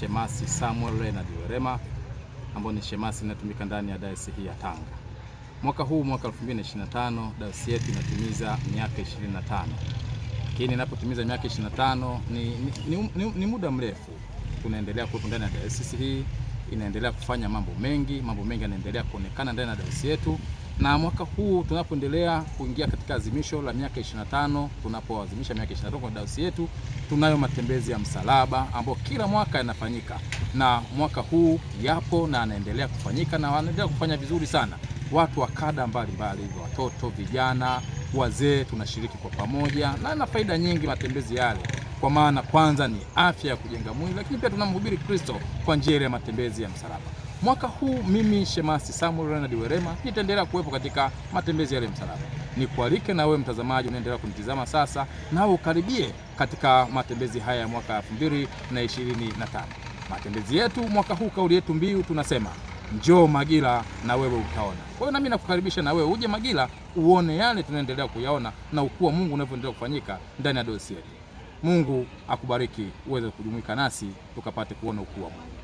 shemasi Samuel Leonard Werema ambayo ni shemasi inatumika ndani ya dayosisi hii ya Tanga. Mwaka huu mwaka 2025 dayosisi yetu inatimiza miaka 25. Lakini inapotimiza miaka 25 ni, ni, ni, ni, ni muda mrefu tunaendelea kuwepo ndani ya dayosisi hii, inaendelea kufanya mambo mengi, mambo mengi yanaendelea kuonekana ndani ya dayosisi yetu na mwaka huu tunapoendelea kuingia katika azimisho la miaka 25, tunapoadhimisha miaka 25 kwa dayosisi yetu, tunayo matembezi ya msalaba ambayo kila mwaka yanafanyika, na mwaka huu yapo na anaendelea kufanyika na wanaendelea kufanya vizuri sana watu wa kada mbalimbali, watoto, vijana, wazee, tunashiriki kwa pamoja, na na faida nyingi matembezi yale, kwa maana kwanza ni afya ya kujenga mwili, lakini pia tunamhubiri Kristo kwa njia ile ya matembezi ya msalaba. Mwaka huu mimi Shemasi Samuel Ronald Werema nitaendelea kuwepo katika matembezi yale msalaba. Nikualike na wewe mtazamaji unaendelea kunitizama sasa, nawe ukaribie katika matembezi haya ya mwaka 2025. Matembezi yetu mwaka huu, kauli yetu mbiu tunasema njoo Magila na wewe utaona. Kwa hiyo nami nakukaribisha na wewe uje Magila uone yale tunaendelea kuyaona na ukuu wa Mungu unavyoendelea kufanyika ndani ya dosi yetu. Mungu akubariki uweze kujumuika nasi tukapate kuona ukuu wa Mungu.